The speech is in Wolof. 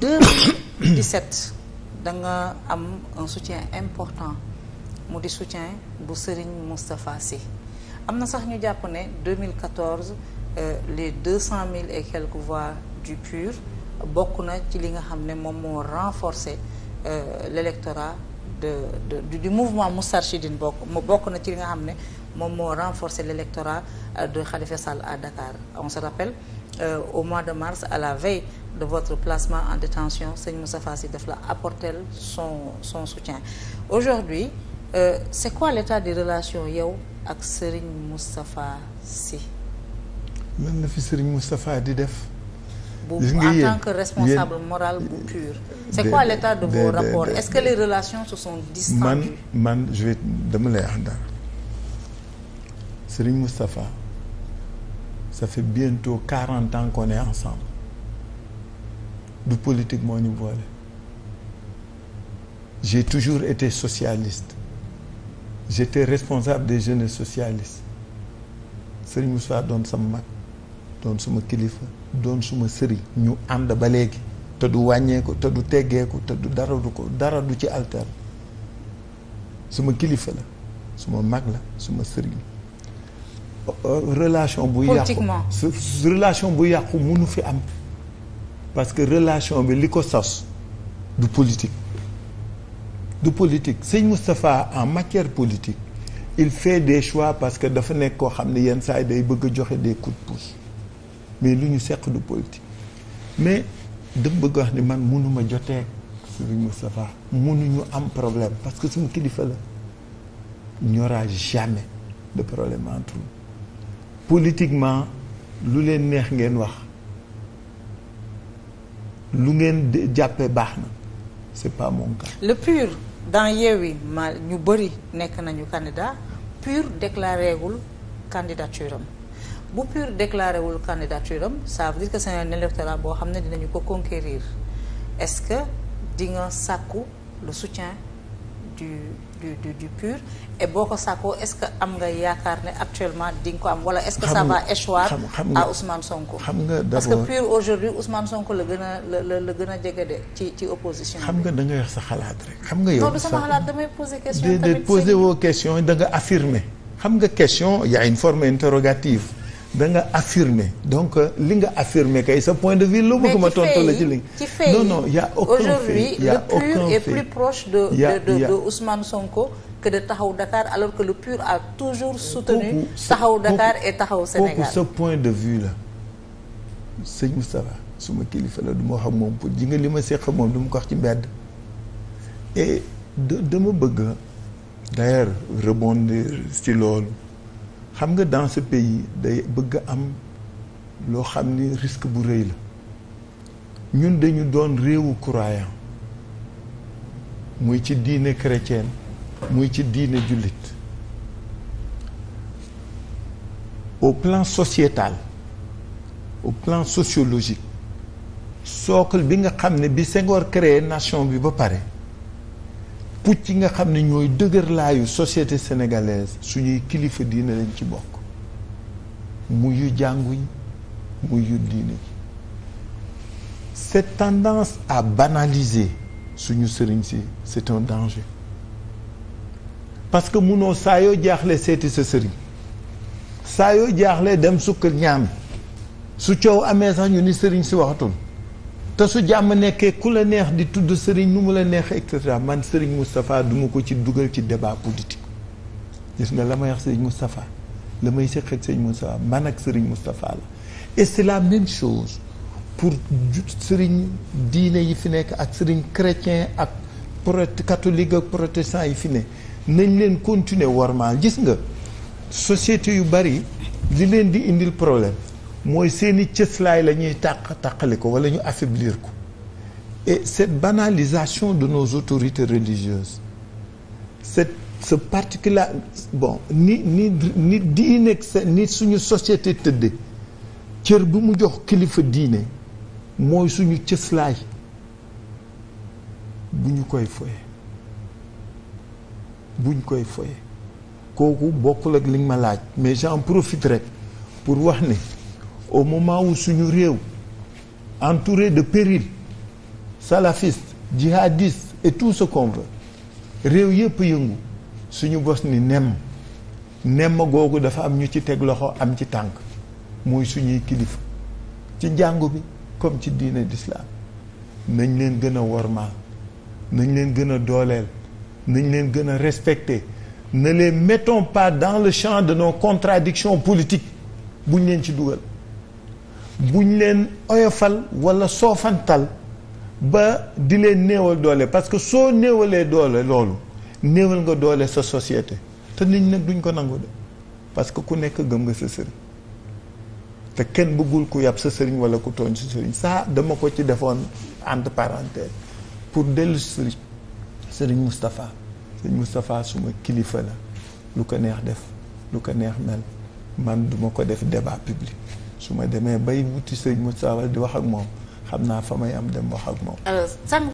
2017 da nga am un soutien important mu di soutien bu Serigne Moustapha Sy am na sax ñu jàpp ne 2014 euh, les 200 000 et quelques voix du PUR bokk na ci li nga xam ne moom moo renforcer euh, l'électorat de, de du, du mouvement Moustarchidine bokk mu bokk na ci li nga xam ne moom moo renforcer l'électorat de Khalifa Sall à Dakar on se rappelle euh, au mois de mars à la veille de votre placement en détention sëñ Moustapha Sy daf la apporter son son soutien aujourd'hui euh, c'est quoi l'état des relations yow ak sëriñ Moustapha Sy mën na fi sëriñ Moustapha di def gis nga yéen en tant que responsable moral bu pur. c'est quoi l'état de vos rapports est-ce que les relations se sont distendues man man je vais dama lay wax dara Serigne Moustapha ça fait bientôt quarante ans qu'on est ensemble du politique moo ñu boole j'ai toujours été socialiste j'étais responsable des jeunes socialistes Serigne Moussa doon sama mag doon suma kilifa doon suma sëriñ ñu ànd ba léegi te du wàññeeku te du teggeeku te du dara du ko dara du ci alter suma kilifa la suma mag la suma sëriñ relation bu yàqu su relation bu yàqu mënu fi am parce que relation bi li ko sos du politique du politique sëñ Moustapha en matière politique il fait des choix parce que dafa nekk koo xam ne yenn saa yi day bëgg joxe des coups de mais lu ñu seq du politique mais dama bëgg wax ni man mënuma jotee sëñ Moustapha mënuñu am problème parce que suñu kilifa la il jamais de problème entre nous politiquement lu leen neex ngeen wax lu ngeen jàppe baax na c'est pas mon le pur dans Yewwi ma ñu bëri nekk nañu candidat pur déclaré wul am bu pur déclaré wul candidature am ça veut dire que c'est un électorat boo xam ne dinañu ko conquérir est-ce que di nga sàkku le soutien. du du du pur et boo ko sàkkoo est-ce que am nga yaakaar ne actuellement di ko am wala est-ce que ça va échoir à Ousmane Sonko xam nga parce que pur aujourd'hui Ousmane Sonko la gën a la la la gën a jege de ci ci opposition xam nga da nga wax sa xalaat rek xam nga yow non du sama xalaat damay poser question tamit de poser xam nga question y a une forme interrogative da nga affirmer donc euh, li nga affirmer kay sa point de vue lu bëgg ma tontu la ci li non non y' a aucun fait y' a aucun fait aujourd'hui le PUR est plus proche de de de Ousmane Sonko que de Taxawu Dakar alors que le PUR a toujours soutenu Taxawu Dakar et Taxawu Sénégal ce point de vue la sëñ Moustapha suma kilifa la du ma xam moom pour ji nga li ma séq moom du ma ko wax ci mbedd et dama bëgg d'ailleurs rebondir ci loolu xam nga dans ce pays day bëgg am loo xam ni risque bu réy la ñun dañu doon réewu croyant muy ci diine chrétienne muy ci diine jullit au plan sociétal au plan sociologique socle bi nga xam ne bi Senghor créé nation bi ba pare pucc nga xam ne ñooy dëgërlaayu société sénégalaise suñuy kilifa diine lañ ci bokk mu yu jànguñ mu yu diine ji cette tendance à banaliser suñu sëriñ si c'est un danger parce que munoo saa yoo jaaxle seeti sa sëriñ saa yoo jaaxle dem sukkal ñaam su coow amee sax ñu ni sëriñ si waxatul te su jàmm nekkee ku la neex di tudd sëriñ nu mu la neex et cetera man sëriñ Moustapha duma ko ci dugal ci débat politique gis nga la may wax sëriñ Moustapha la may séq ak sëriñ Moustapha man ak sëriñ Moustapha la et c'est la même chose pour sëriñ diine yi fi nekk ak sëriñ chrétien ak prote catholique ak protestant yi fi ne nañ leen continuer wormaal gis nga société yu bari li leen di indil problème mooy seeni cëslaay la ñuy tàq tàqali ko wala ñu affaiblir ko et cette banalisation de nos autorités religieuses cette ce particulier bon ni ni ni diine ni suñu société tëdde cër bi mu jox kilifa diine mooy suñu cëslaay bu ñu koy foye buñ koy foye kooku bokkul ak ma laaj mais j'en profite rek pour wax ni au moment wu suñu réew entouré de périls salafistes djihadistes et tout ce qu'on réew yëpp yëngu suñu bos ni nemm nemm googu dafa am ñu ci teg loxo am ci tànk mooy suñuy kilifa ci jàngu bi comme ci diine d'islam nañ leen gën a wormaal nañ leen gën a dooleel nañ leen gën a respecter ne leen mettons pas dans le champ de nos contradictions politique buñ leen ci dugal buñ leen oyofal wala soofantal ba di leen néewal doole parce que soo néewalee doole loolu néewal nga doole sa société te nit ñi nag duñ ko nangu de parce que ku nekk gëm nga sa sëriñ te kenn bëggul ku yàpp sa sëriñ wala ku tooñ sa sëriñ ça dama ko ci defoon entre parenthèse pour dellu sëriñ sëriñ Moustapha sëriñ Moustapha suma kilifa la lu ko neex def lu ko neex mel man duma ko def débat public su ma demee bay wuti sëñ Moustapha di wax ak moom xam naa fa may am dem wax ak moom